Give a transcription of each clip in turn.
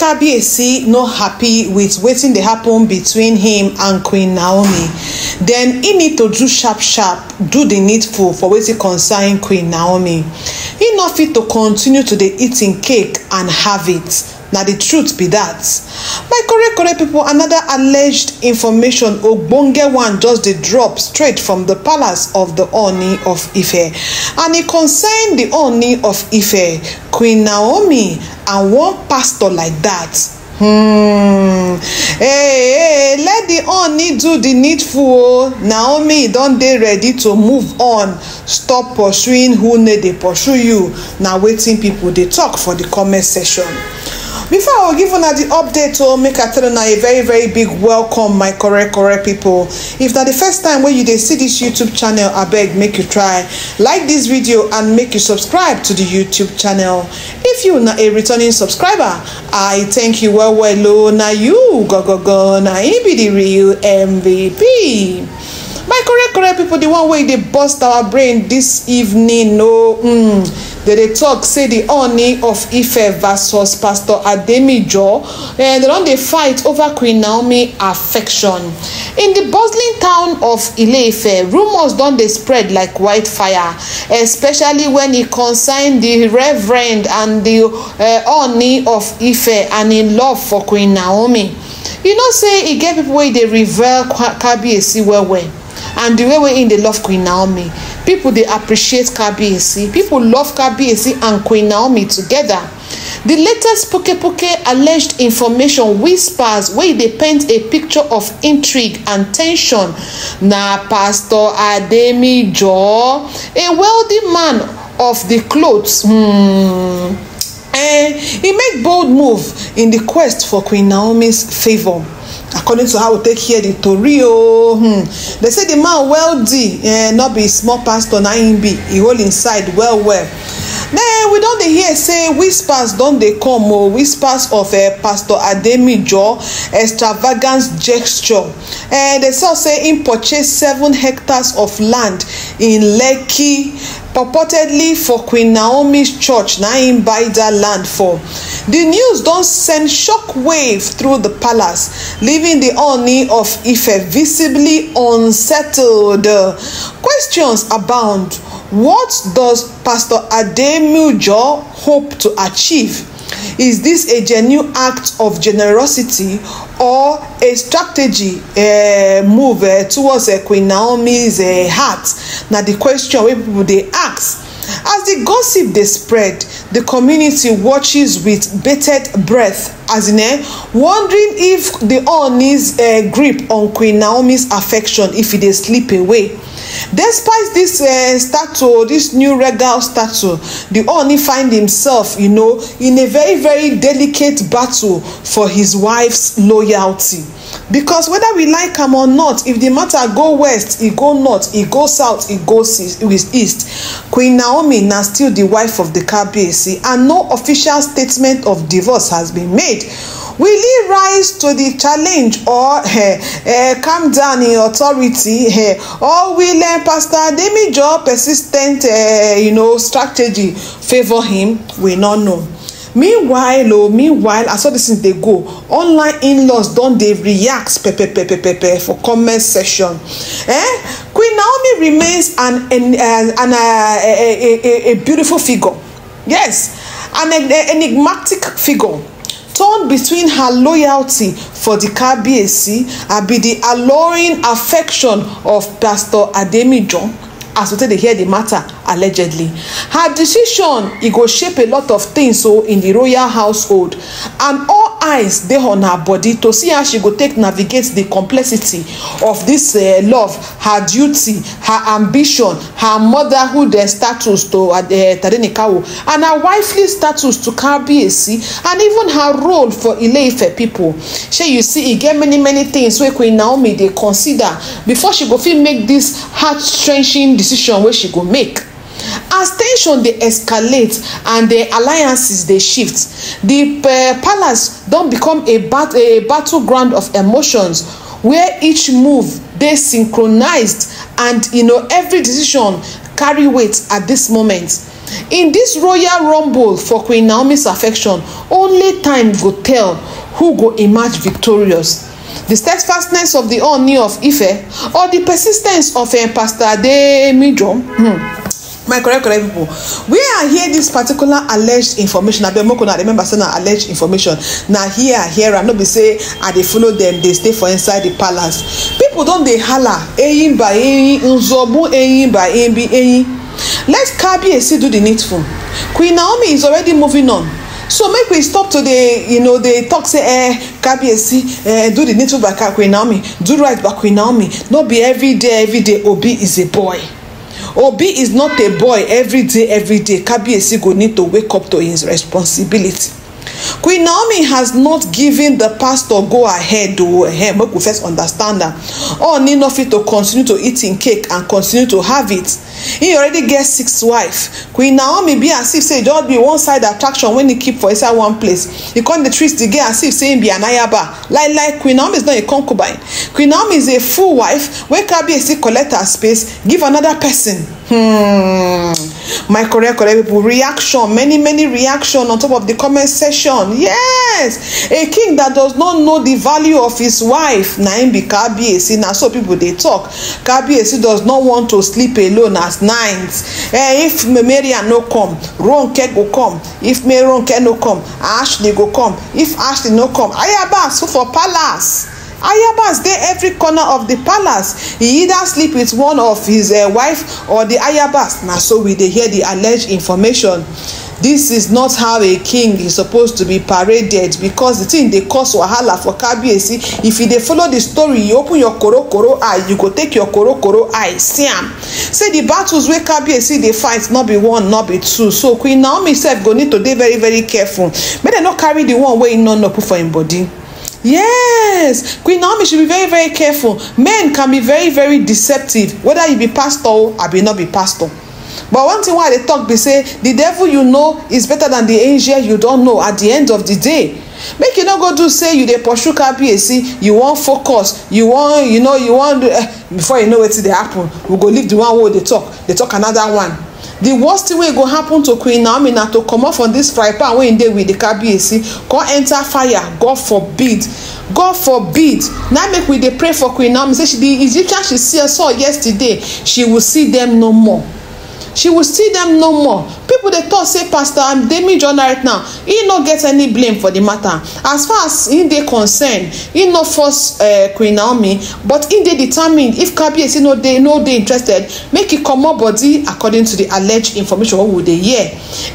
kabiyesi no happy with wetin dey happen between him and queen naomi Then e need to do sharp sharp do the needful for wetin concern queen naomi e no fit to continue to dey eat im cake and have it na the truth be that, my correct correct people, another alleged information ogbonge one just dey drop straight from the palace of the oni of ife and e concern the oni of ife queen naomi and one pastor like that. hmm hey hey let the oni do the needful o oh. naomi don dey ready to move on stop pursuing who no dey pursue you na wetin people, dey talk for the comment section before i give una di update o make i tell una a very very big welcome my correct correct people. if na the first time wey you dey see this youtube channel abeg make you try like this video and make you subscribe to the youtube channel if you na a returning subscriber i thank you well well o oh, na you gogogo na im be di real mvp my correct correct people the one wey e dey burst our brain this evening o oh, mm dem dey talk say the honey of ife versus pastor ademijo eh, they don dey fight over queen naomi affection in di bustling town of ileife rumours don dey spread like wildfire especially wen e concern di reverend and di eh, honey of ife and im love for queen naomi you know say e get pipo wey dey revere kabiyesi well well and di way wey im dey love queen naomi people dey appreciate kabiyesi people love kabiyesi and queen naomi together di latest poke alleged information whispers wey dey paint a picture of intrigue and tension na pastor ademijo a wealthy man of di clothes hmm, eh, e make bold move in di quest for queen naomi's favour according to how we take hear the tori o oh, hmm. they say the man wealthy eh, no be small pastor na him be he hold him side well well then we don dey hear say whispers don dey come o oh, whispers of uh, pastor ademijo extravagant gesture uh, they saw say him purchase seven hectares of land in lekki purportedly for queen naomi's church na im buy dat land for di news don send shockwave through di palace leaving di oni of ife visibly unsettled questions abound what does pastor ademujo hope to achieve Is this a genuine act of generosity or a strategy uh, move uh, towards uh, Queen Naomi's uh, heart? Na the question wey people dey ask. As the gossip dey spread, the community watches with bated breath as in eh, wondering if the Ooni's uh, eh, grip on Queen Naomi's affection if e dey slip away. Despite this uh, statue, this new regal statue, the Ooni find himself, you know, in a very, very delicate battle for his wife's loyalty. Because whether we like am or not, if the matter go west, e go north, e go south, e go east, Queen Naomi na still the wife of the Kabiyesi policy and no official statement of divorce has been made will he rise to the challenge or uh, uh, calm down in authority uh, or will uh, pastor demijo persistent uh, you know strategy favour him we no know meanwhile o oh, meanwhile as all these things dey go online in-laws don dey react pepepepepepe for comment section eh queen naomi remains an an an, an a a a a beautiful figure yes an e-, enigmatic figure torn between her loyalty for the kábíyèsí and be the alluring affection of pastor ademijan as we take dey hear the matter allegedly her decision e go shape a lot of things o oh, so, in the royal household and all eyes dey on her body to see how she go take navigate the complexity of dis uh, love her duty her ambition her motherhood uh, status to uh, tadenikawo and her wifely status to kabiyesi and even her role for ileife people. shey you see e get many many things wey queen naomi dey consider before she go fit make this heart-wrenching decision wey she go make as ten sion dey escalate and di alliances dey shift di eh, palace don become a bat a battleground of emotions where each move dey synchronized and you know every decision carry weight at dis moment in dis royal rumble for queen naomi's affection only time go tell who go emerge victorious the steadfastness of the Ooni of Ife or the persistence of um, Pastor Ademidro. Hmm my correct correct people. where i hear This particular alleged information abeg make remember say na alleged information na here i hear am no be say i dey follow dem dey stay for inside the palace People don dey hala eyin by eyin nzobu eyin by eyin let kabiyesi do the needful queen naomi is already moving on so make we stop to dey you know dey talk say eh kabiyesi eh do the needful by queen naomi do right by queen naomi no be every day every day obi is a boy obi is not a boy every day every day kabiyesi go need to wake up to his responsibility queen naomi has not given the pastor go ahead o ehem make we first understand am ooni no fit to continue to eat im cake and continue to have it he already get six wife queen naomi be as if say e just be one side attraction when he keep for inside one place he come dey treat the girl as if say him be an ayaba like like queen naomi is not a concubine queen naomi is a full wife wey kabiyesi collect her space give another person. Hmm my career, career people reaction many many reaction on top of the comment section yes a king that does not know the value of his wife na him be kabiyesi na so people dey talk kabiyesi does not want to sleep alone at night eh, if mariam no come ronke go come if ronke no come ashley go come if ashley no come ayaba so for palace ayabas dey every corner of the palace he either sleep with one of his eh, wife or the ayabas na so we dey hear the alleged information This is not how a king is supposed to be paraded because the thing dey cause wahala for kabiyesi if you dey follow the story you open your korokoro eye you go take your korokoro eye see am say the battles wey kabiyesi dey fight no be one no be two so queen naomi sef go need to dey very very careful make dem no carry the one wey e no know put for im body Yes, Queen Naomi should be very, very careful. Men can be very, very deceptive, whether you be pastor or be not be pastor. But one thing why they talk, they say, the devil you know is better than the angel you don't know at the end of the day. Make you not go do say you dey pursue KPAC, you wan focus, you wan, you know, you wan, uh, before you know wetin they happen, we go leave the one word they talk, They talk another one. The worst thing wey go happen to queen naomi na to comot from dis fry pan wey im dey with di kabiyesi come enter fire god forbid god forbid na make we dey pray for queen naomi say she di egyptian she see us all yesterday she will see dem no more she will see them no more People dey tok say pastor ademijohn right now He no get any blame for the matter as far as he dey concerned he no force eh, queen naomi but he dey determined if kabiyesi no dey no dey interested make e comot body according to the alleged information wey we dey hear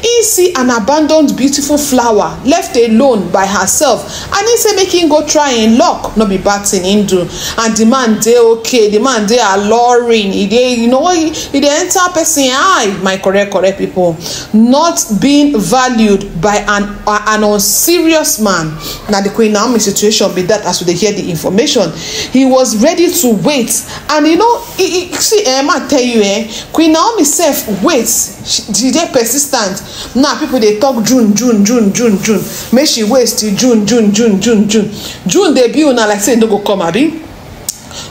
He see an abandoned beautiful flower left alone by herself and he say make he go try im luck no be bad thing he do and di man dey okay di man dey alluring He dey you know he dey enter person I, my correct, correct people, not being valued by an uh, an unserious man. Now the Queen Naomi situation be that as they hear the information, he was ready to wait, and you know, he, he, see, Emma eh, tell you, eh, Queen Naomi self waits. She dey persistent. Now people they talk June, June, June, June, June. Make she waste till June, June, June, June, June. June debut now like say e no go come abi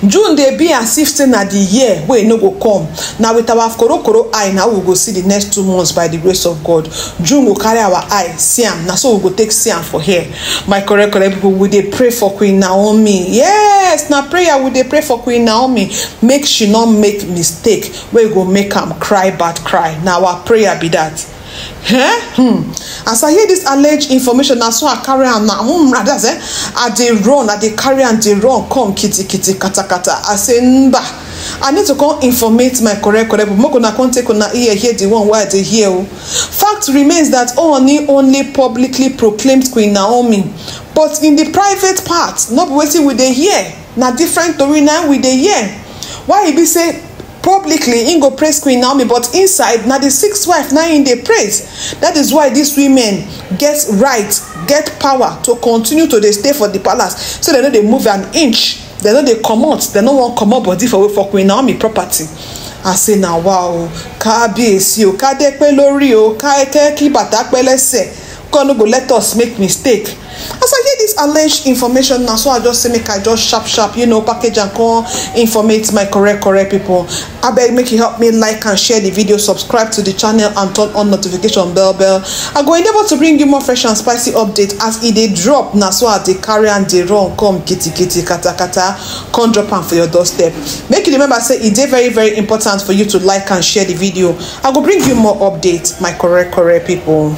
june dey be as if say na di year wey no go come na with our korokoro eye na we go see di next two months by di grace of god june go carry our eye see am na so we go take see am for here my correct correct pipo we dey pray for queen naomi yes na prayer we dey pray for queen naomi make she no make mistake wey go make am cry bad cry na our prayer be dat eh hmm as i hear this alleged information na so i carry am na hmm that's eh i they run i they carry am they run come kitty kitty kata kata. i say mba i need to come informate my correct correct but make una come take una ear hear di one wey they hear oh. fact remains that ooni only publicly proclaimed queen naomi but in the private part not be with the dey hear na different tori na we dey hear why he be say publicly he go praise queen naomi but inside na the sixth wife na im dey praise That is why these women get right get power to continue to dey stay for the palace so they no dey move an inch dem no dey comot dem no wan comot body for for queen naomi property àṣe nà wá o kábíyèsí o kádé pé lórí o káẹ́kẹ́ kí bàtà pẹ́ lẹ́sẹ̀ God no go let us make mistake as i dis alleged information now, so i just say make i just sharp sharp you know package and come informate my correct correct people. I beg make you help me like and share the video subscribe to the channel and turn on notification bell bell i go endeavor to bring you more fresh and spicy updates as it e dey drop now, so i dey carry and dey run come kata kata come drop and for your doorstep make you remember say it e dey very very important for you to like and share the video i go bring you more updates my correct correct people.